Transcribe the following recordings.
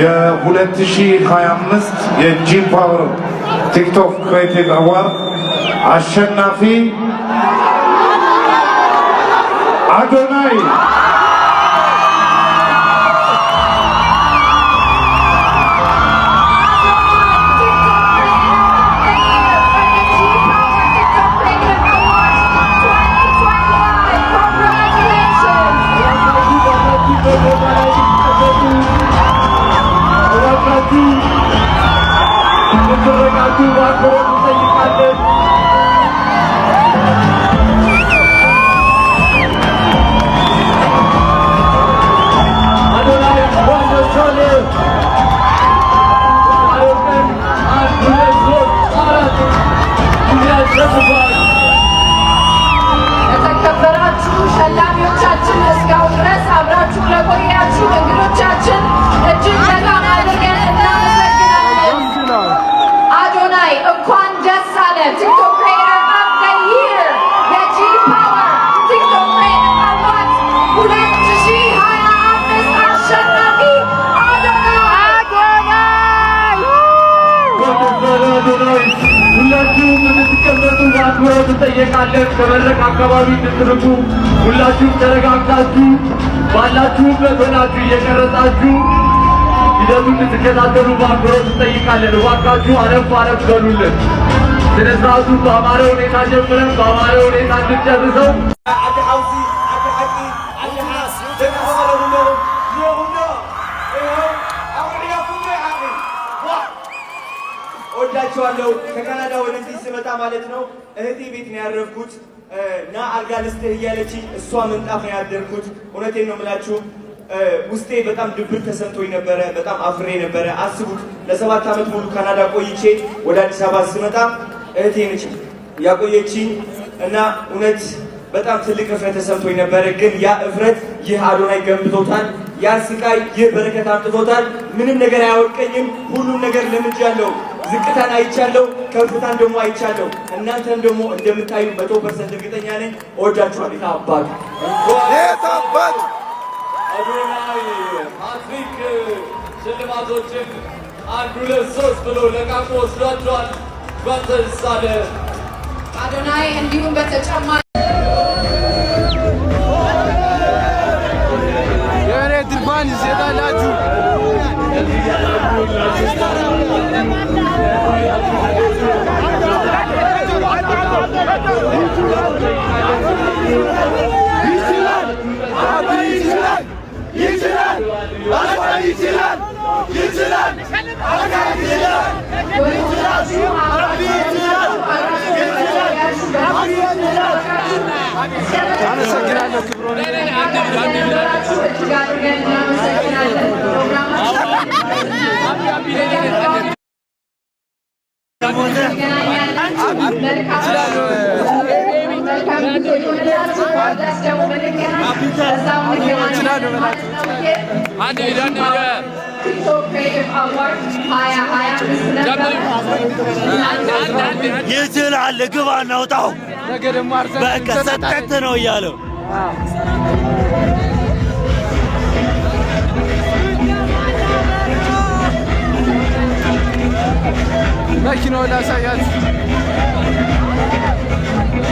ሀያ አምስት የጂ ፓወር ቲክቶክ ክሬቲቭ አዋርድ አሸናፊ አዶናይ አበበ ኖይ ሁላችሁም እንድትቀመጡ በአክብሮት እንጠይቃለን። ከመድረክ አካባቢ እንድትርቁ ሁላችሁም ተረጋግታችሁ ባላችሁበት ሆናችሁ እየቀረጻችሁ ሂደቱን እንድትከታተሉ በአክብሮት እንጠይቃለን። እባካችሁ አረፍ አረፍ በሉልን። ስነ ስርዓቱን በአማረ ሁኔታ ጀምረን በአማረ ሁኔታ እንድጨርሰው እወዳቸዋለሁ። ከካናዳ ወደዚህ ስመጣ ማለት ነው እህቴ ቤት ነው ያረፍኩት ና አልጋ ልስጥህ እሷ ምንጣፍ ነው ያደርኩት። እውነቴን ነው የምላችሁ ውስጤ በጣም ድብር ተሰምቶኝ ነበረ። በጣም አፍሬ ነበረ። አስቡት ለሰባት ዓመት ሙሉ ካናዳ ቆይቼ ወደ አዲስ አበባ ስመጣ እህቴ ነች ያቆየችኝ እና እውነት በጣም ትልቅ እፍረት ተሰምቶኝ ነበረ። ግን ያ እፍረት ይህ አዶናይ ገንብቶታል። ያ ስቃይ ይህ በረከት አምጥቶታል። ምንም ነገር አያወቀኝም። ሁሉም ነገር ለምጃለሁ። ዝቅታን አይቻለሁ፣ ከፍታን ደግሞ አይቻለሁ። እናንተም ደግሞ እንደምታዩ መቶ ፐርሰንት እርግጠኛ ነኝ። ወዳችኋል። አባቱ አባቱ አዶናይ ፓትሪክ ሽልማቶችን አንድ ሁለት ሶስት ብሎ ለቃቆ ወስዷቸዋል። ባተሳለ አዶናይ እንዲሁም በተጨማሪ Tanrı sakinlerle Kübra'nın. Anne, anne, anne. ይችላል። ግባ እናውጣው። በቃ ሰጠት ነው እያለው መኪናውን ላሳያት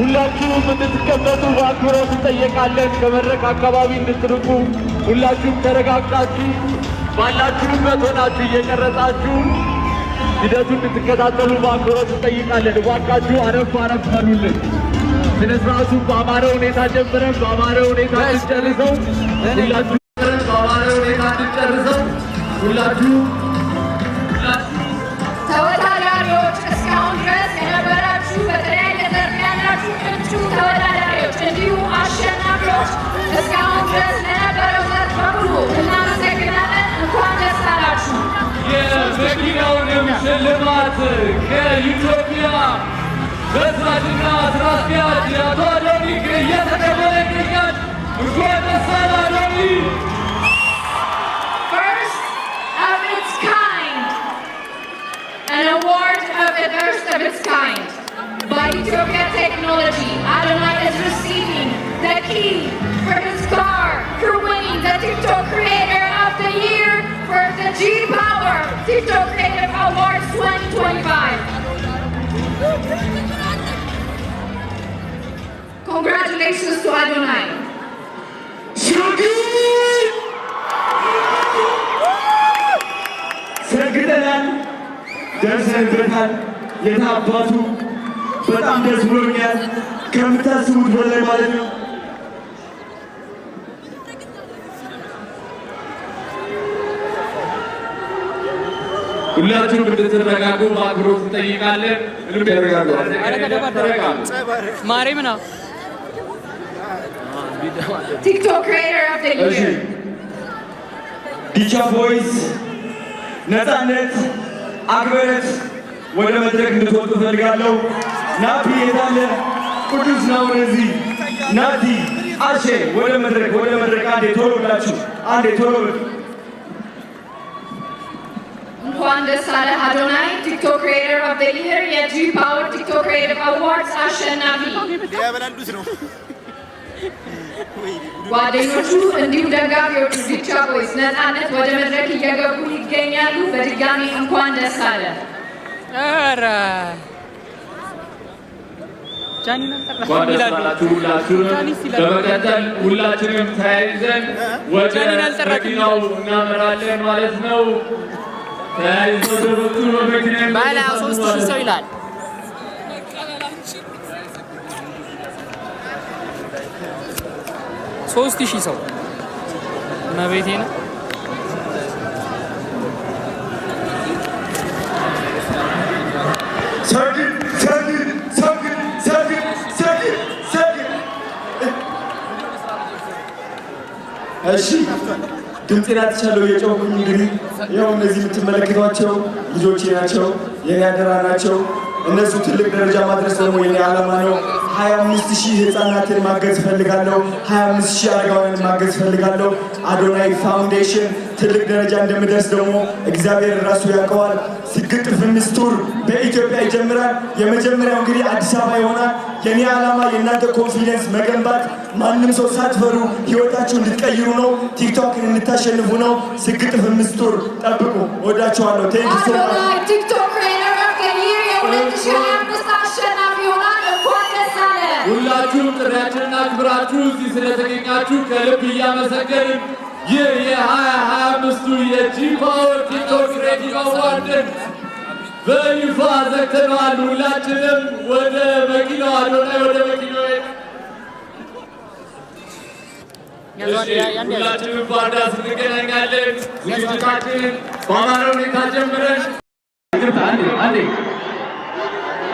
ሁላችሁም እንድትቀመጡ በአክብሮት እንጠየቃለን። ከመድረክ አካባቢ እንድትርቁ ሁላችሁም ተረጋግጣችሁ ባላችሁበት ሆናችሁ እየቀረጻችሁ ሂደቱን እንድትከታተሉ በአክብሮት እንጠይቃለን። እባካችሁ አረፍ አረፍ በሉልን። ስነ ስርዓቱ በአማረ ሁኔታ ጀምረን በአማረ ሁኔታ እንጨርሰው። ሁላችሁ በአማረ ሁኔታ እንጨርሰው። ሁላችሁ የኢትዮጵያ በዛጅና ስራ First of its kind, an award of the first of its kind by Ethiopia Technology. Adonai is receiving the key for his car for winning the TikTok the G Power TikTok Creator Awards 2025. Congratulations to Adonai. ሰግደናል፣ ደርሰንበታል። የታባቱ በጣም ደስ ብሎኛል፣ ከምታስቡት በላይ ማለት ነው። ሁላችሁም እንድትረጋጉ በአክብሮት እንጠይቃለን። ዲቻ ቦይስ ነፃነት አክብረት ወደ መድረክ እንድትወጡ ፈልጋለሁ። ናቲ የታለ ቅዱስ ነው እዚህ ናቲ አሼ ወደ መድረክ ወደ መድረክ አንዴ ቶሎ ብላችሁ አንዴ ቶሎ እንኳን ደስ አለህ አዶናይ ቲክቶክ ክሬተር ኦፍ ዘ ይር የጂ ፓወር ቲክቶክ ክሬተር አዋርድስ አሸናፊ ያበላሉት ነው። ጓደኞቹ እንዲሁም ደጋፊዎቹ ዲቻ ቦይስ ነፃነት ወደ መድረክ እየገቡ ይገኛሉ። በድጋሚ እንኳን ደስ አለህ። በመቀጠል ሁላችንም ተያይዘን ወደ መኪናው እናመራለን ማለት ነው። ባለ ሶስት ሺህ ሰው ይላል። ሶስት ሺህ ሰው መቤቴ ነው። እሺ ድምፄን አጥቻለሁ የጮኩኝ። እንግዲህ ያው እነዚህ የምትመለከቷቸው ልጆቼ ናቸው፣ የኔ አደራ ናቸው። እነሱ ትልቅ ደረጃ ማድረስ ደግሞ የኔ ዓላማ ነው። 25 ሺህ ህፃናትን ማገዝ እፈልጋለሁ። 25 ሺህ አረጋውያንን ማገዝ እፈልጋለሁ። አዶናይ ፋውንዴሽን ትልቅ ደረጃ እንደምደርስ ደግሞ እግዚአብሔር ራሱ ያውቀዋል። ስግጥ ፍምስ ቱር በኢትዮጵያ ይጀምራል። የመጀመሪያው እንግዲህ አዲስ አበባ ይሆናል። የኔ ዓላማ የእናንተ ኮንፊደንስ መገንባት፣ ማንም ሰው ሳትፈሩ ህይወታችሁ እንድትቀይሩ ነው። ቲክቶክን እንድታሸንፉ ነው። ስግጥ ፍምስ ቱር ጠብቁ። ወዳችኋለሁ። ቴንክ ሶ ማች ሁላችሁም ጥሪያችንና ክብራችሁ እዚህ ስለተገኛችሁ ከልብ እያመሰገንን ይህ የ2025ቱ የጂ ፓወር ቲክቶክ ክሬቲቭ አዋርድን በይፋ ዘግተነዋል። ሁላችንም ወደ መኪናው አዶናይ ወደ መኪናው ሁላችንም ባዳ ስንገናኛለን። ዝግጅታችንን በአማረ ሁኔታ ጀምረን አንዴ አንዴ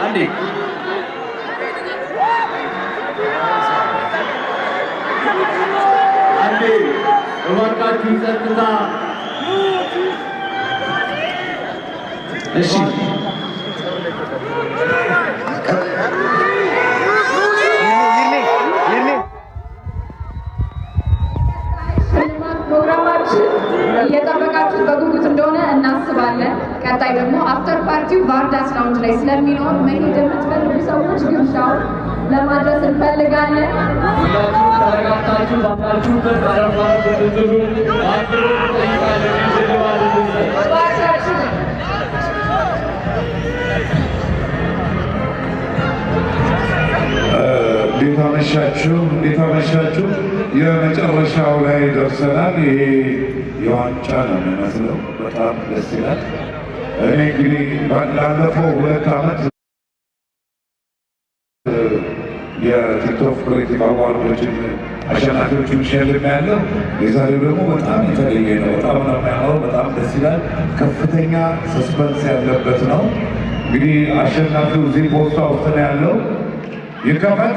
አንዴ አንዴ እባካችሁ ጸጥታ። እሺ እንዴት አመሻችሁ፣ እንዴት አመሻችሁ። የመጨረሻው ላይ ደርሰናል። ይሄ የዋንጫ ነው የሚመስለው። በጣም ደስ ይላል። እኔ እንግዲህ ላለፈው ሁለት ዓመት የቲክቶክ ክሬቲቭ አዋርዶችን አሸናፊዎቹን ሸልም ያለው የዛሬው ደግሞ በጣም የተለየ ነው። በጣም ነው የሚያምረው። በጣም ደስ ይላል። ከፍተኛ ሰስፐንስ ያለበት ነው። እንግዲህ አሸናፊው እዚህ ፖስታ ውስጥ ነው ያለው። ይከፈት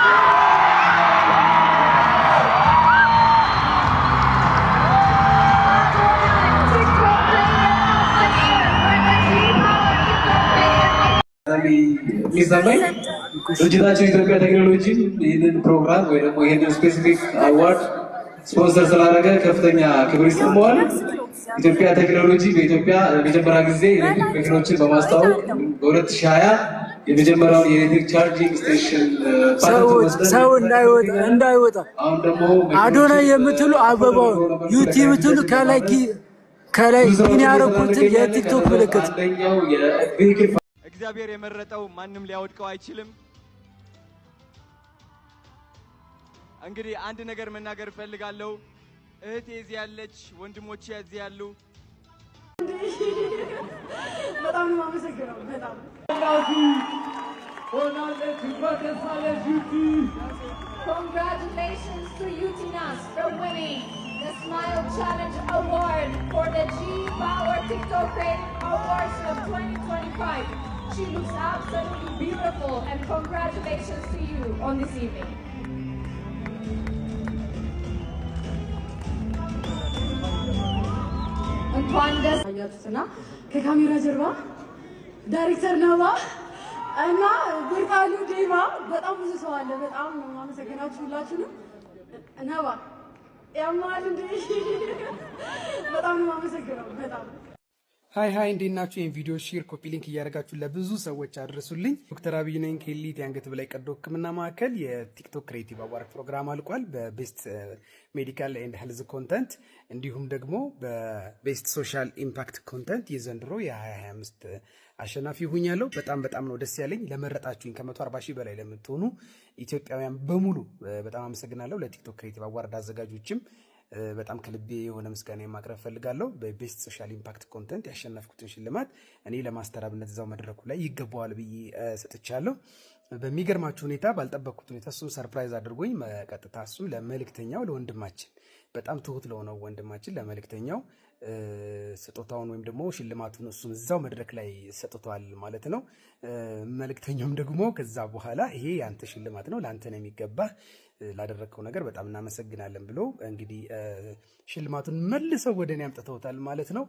የሚሰማኝ ድርጅታችን ኢትዮጵያ ቴክኖሎጂ ይህንን ፕሮግራም ወይ ደግሞ ይህንን ስፔሲፊክ አዋርድ ስፖንሰር ስላደረገ ከፍተኛ ክብር ይሰማዋል። ኢትዮጵያ ቴክኖሎጂ በኢትዮጵያ የመጀመሪያ ጊዜ ኤሌክትሪክ መኪኖችን በማስተዋወቅ በ2020 የመጀመሪያውን የኤሌክትሪክ ቻርጂንግ ስቴሽን uh, ሰው እንዳይወጣ አሁን ደግሞ አዶና የምትሉ አበባውን ዩቲ የምትሉ ከላይ ከላይ ያረኩትን የቲክቶክ ምልክት እግዚአብሔር የመረጠው ማንም ሊያወድቀው አይችልም። እንግዲህ አንድ ነገር መናገር እፈልጋለሁ። እህቴ እዚህ ያለች፣ ወንድሞቼ እዚህ ያሉ፣ በጣም ነው በጣም Congratulations to for winning the Smile Challenge Award for the G Power TikTok Awards of 2025. She looks absolutely beautiful and congratulations to you on this evening. እንኳን ደስ አያችሁትና ከካሜራ ጀርባ ዳይሬክተር ነባ እና ብርሃኑ ዴባ በጣም ብዙ ሰው አለ። በጣም ነው የማመሰግናችሁ ሁላችሁንም። ነባ ያማል እንዴ! በጣም ነው የማመሰግነው በጣም ሀይ ሀይ እንዴት ናችሁ? ይህን ቪዲዮ ሼር፣ ኮፒ ሊንክ እያደረጋችሁ ለብዙ ሰዎች አድርሱልኝ። ዶክተር አብይ ነኝ ከሊት የአንገት በላይ ቀዶ ሕክምና ማዕከል። የቲክቶክ ክሬቲቭ አዋርድ ፕሮግራም አልቋል። በቤስት ሜዲካል ኤንድ ሄልዝ ኮንተንት እንዲሁም ደግሞ በቤስት ሶሻል ኢምፓክት ኮንተንት የዘንድሮ የ2025 አሸናፊ ሁኛለሁ። በጣም በጣም ነው ደስ ያለኝ። ለመረጣችሁኝ ከ140 ሺህ በላይ ለምትሆኑ ኢትዮጵያውያን በሙሉ በጣም አመሰግናለሁ። ለቲክቶክ ክሬቲቭ አዋርድ አዘጋጆችም በጣም ከልቤ የሆነ ምስጋና ማቅረብ ፈልጋለሁ። በቤስት ሶሻል ኢምፓክት ኮንተንት ያሸነፍኩትን ሽልማት እኔ ለማስተራብነት እዛው መድረኩ ላይ ይገባዋል ብዬ ሰጥቻለሁ። በሚገርማችሁ ሁኔታ ባልጠበቅኩት ሁኔታ እሱም ሰርፕራይዝ አድርጎኝ ቀጥታ እሱ ለመልእክተኛው ለወንድማችን በጣም ትሁት ለሆነው ወንድማችን ለመልእክተኛው ስጦታውን ወይም ደግሞ ሽልማቱን እሱም እዛው መድረክ ላይ ሰጥቷል ማለት ነው። መልእክተኛውም ደግሞ ከዛ በኋላ ይሄ የአንተ ሽልማት ነው፣ ለአንተ ነው የሚገባህ፣ ላደረግከው ነገር በጣም እናመሰግናለን ብሎ እንግዲህ ሽልማቱን መልሰው ወደ እኔ አምጥተውታል ማለት ነው።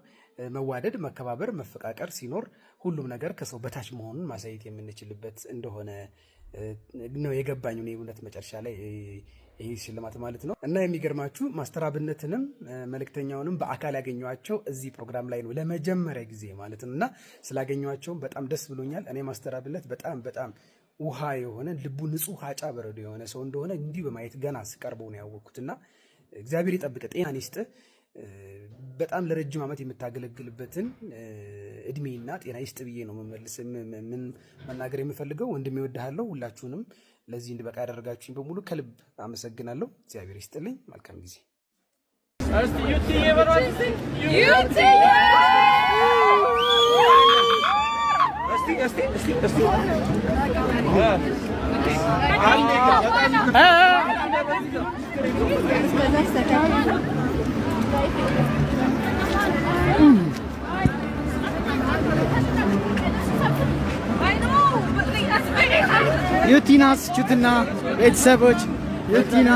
መዋደድ፣ መከባበር፣ መፈቃቀር ሲኖር ሁሉም ነገር ከሰው በታች መሆኑን ማሳየት የምንችልበት እንደሆነ ነው የገባኝ እኔ እውነት መጨረሻ ላይ ይህ ሽልማት ማለት ነው። እና የሚገርማችሁ ማስተር አብነትንም መልእክተኛውንም በአካል ያገኘኋቸው እዚህ ፕሮግራም ላይ ነው ለመጀመሪያ ጊዜ ማለት ነው። እና ስላገኘኋቸውም በጣም ደስ ብሎኛል። እኔ ማስተር አብነት በጣም በጣም ውሃ የሆነ ልቡ ንጹህ አጫ በረዶ የሆነ ሰው እንደሆነ እንዲህ በማየት ገና ስቀርበው ነው ያወቅኩትና እግዚአብሔር የጠብቀ ጤናን ይስጥ በጣም ለረጅም ዓመት የምታገለግልበትን እድሜና ጤና ይስጥ ብዬ ነው መመልስ መናገር የምፈልገው። ወንድም ይወድሃለሁ። ሁላችሁንም ለዚህ እንድበቃ ያደረጋችሁኝ በሙሉ ከልብ አመሰግናለሁ። እግዚአብሔር ይስጥልኝ። መልካም ጊዜ። የቲናስ ስችትና ቤተሰቦች የቲና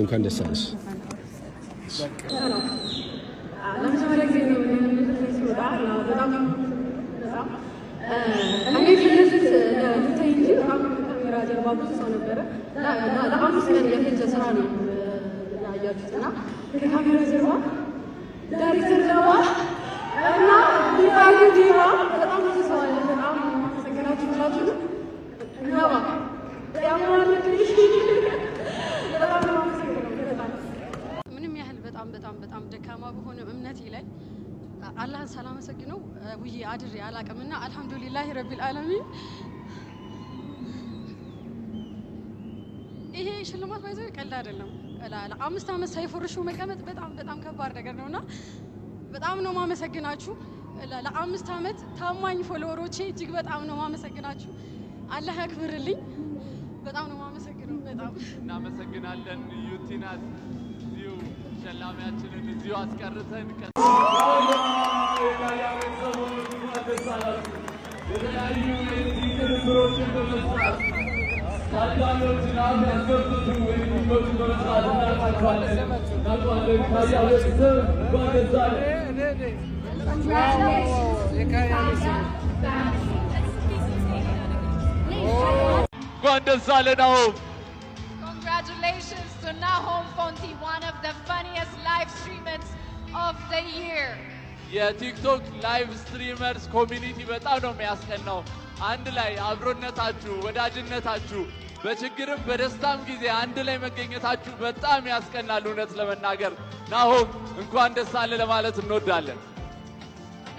እንኳን ደስ አለሽ። ሰባ ሰው ነበረ። ለአምስት ቀን የፈጀ ስራ ነው ያያችሁት እና ከካሜራ ጀርባ ዳይሬክተር ጀርባ እና ዲፋይን ጀርባ በጣም ብዙ ሰው አለ። በጣም ማመሰገናችሁ ብላችሁ ነባ ምንም ያህል በጣም በጣም በጣም ደካማ በሆነ እምነቴ ላይ አላህን ሳላመሰግነው ውዬ አድሬ አላቅምና አልሐምዱሊላህ ረቢል ዓለሚን ይሄ ሽልማት ባይዘ ቀልድ አይደለም። ቀላል አምስት አመት ሳይፈርሹ መቀመጥ በጣም በጣም ከባድ ነገር ነው እና በጣም ነው ማመሰግናችሁ። ለአምስት አመት ታማኝ ፎሎወሮቼ እጅግ በጣም ነው ማመሰግናችሁ። አላህ ያክብርልኝ። በጣም ነው ማመሰግነው። በጣም እናመሰግናለን። ዩቲናት እዚሁ ሸላሚያችንን እዚሁ አስቀርተን የተለያዩ የዚህ Congratulations to Nahom Fonti, one of the funniest live streamers of the year. Yeah, TikTok live streamers community, but I don't know. And like, I've run that too, but I didn't that too. በችግርም በደስታም ጊዜ አንድ ላይ መገኘታችሁ በጣም ያስቀናል። እውነት ለመናገር ናሆም እንኳን ደስ አለ ለማለት እንወዳለን።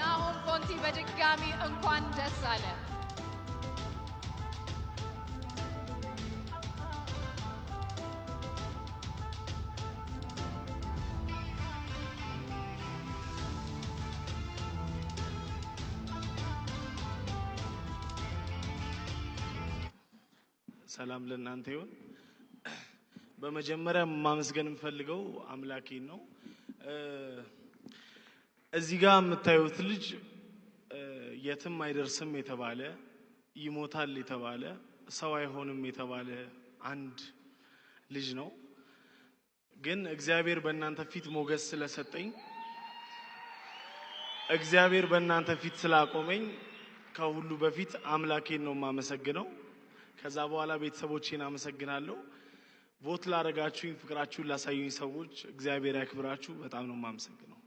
ናሆም ኮንቲ በድጋሚ እንኳን ደስ አለ። ሰላም ለእናንተ ይሁን። በመጀመሪያ ማመስገን የምፈልገው አምላኬን ነው። እዚህ ጋር የምታዩት ልጅ የትም አይደርስም የተባለ ይሞታል የተባለ ሰው አይሆንም የተባለ አንድ ልጅ ነው። ግን እግዚአብሔር በእናንተ ፊት ሞገስ ስለሰጠኝ እግዚአብሔር በእናንተ ፊት ስላቆመኝ ከሁሉ በፊት አምላኬን ነው የማመሰግነው። ከዛ በኋላ ቤተሰቦቼን አመሰግናለሁ። ቮት ላረጋችሁኝ፣ ፍቅራችሁን ላሳዩኝ ሰዎች እግዚአብሔር ያክብራችሁ። በጣም ነው የማመሰግነው።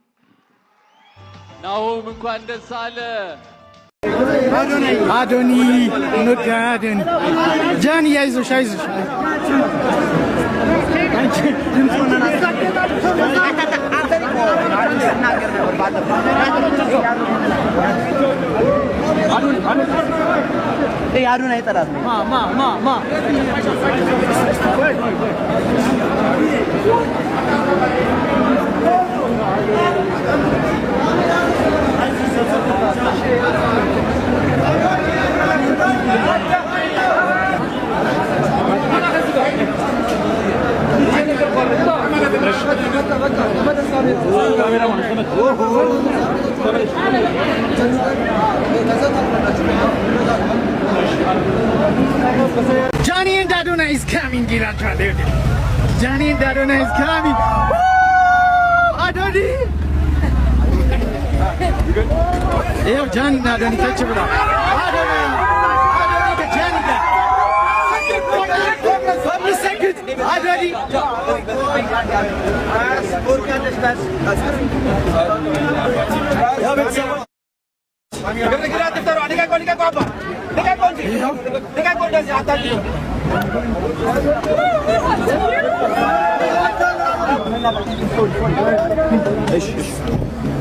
ናሁም እንኳን ደስ አለ። አዶኒ ኑጋ ጃን ያይዞሽ አይዞሽ でやるネタってまあまあまあまあ Gina Traduke. Johnny Daruna is coming. Woo! Adoni! Yo, Johnny Daruna, catch it up. Adoni! Adoni, the Johnny One second! Adoni! Adoni! Kita kita taruh, dekat kau, dekat kau apa? Dekat kau, dekat kau, dekat kau dah jatuh. Eş, eş.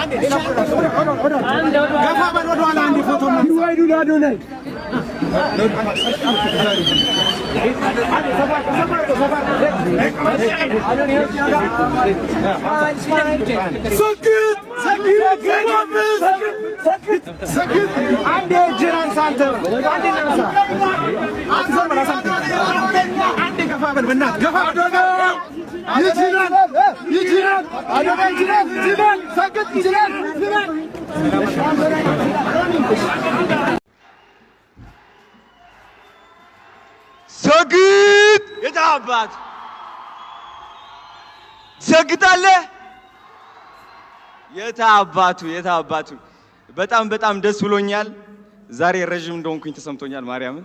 አንድ እጅን አንሳ አንተ አንድ አንሳ አንሳ ገፋ በል ገፋ ይችላል ይችላል አደጋ ይችላል ይችላል ሰግጥ ይችላል ይችላል ሰግጥ የታባት ሰግጣለህ በጣም በጣም ደስ ብሎኛል። ዛሬ ረዥም እንደሆንኩኝ ተሰምቶኛል። ማርያምን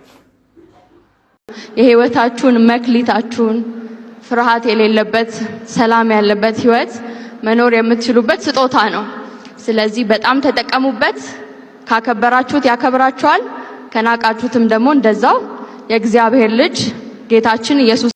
የህይወታችሁን መክሊታችሁን ፍርሃት የሌለበት ሰላም ያለበት ህይወት መኖር የምትችሉበት ስጦታ ነው። ስለዚህ በጣም ተጠቀሙበት። ካከበራችሁት ያከብራችኋል፣ ከናቃችሁትም ደግሞ እንደዛው። የእግዚአብሔር ልጅ ጌታችን ኢየሱስ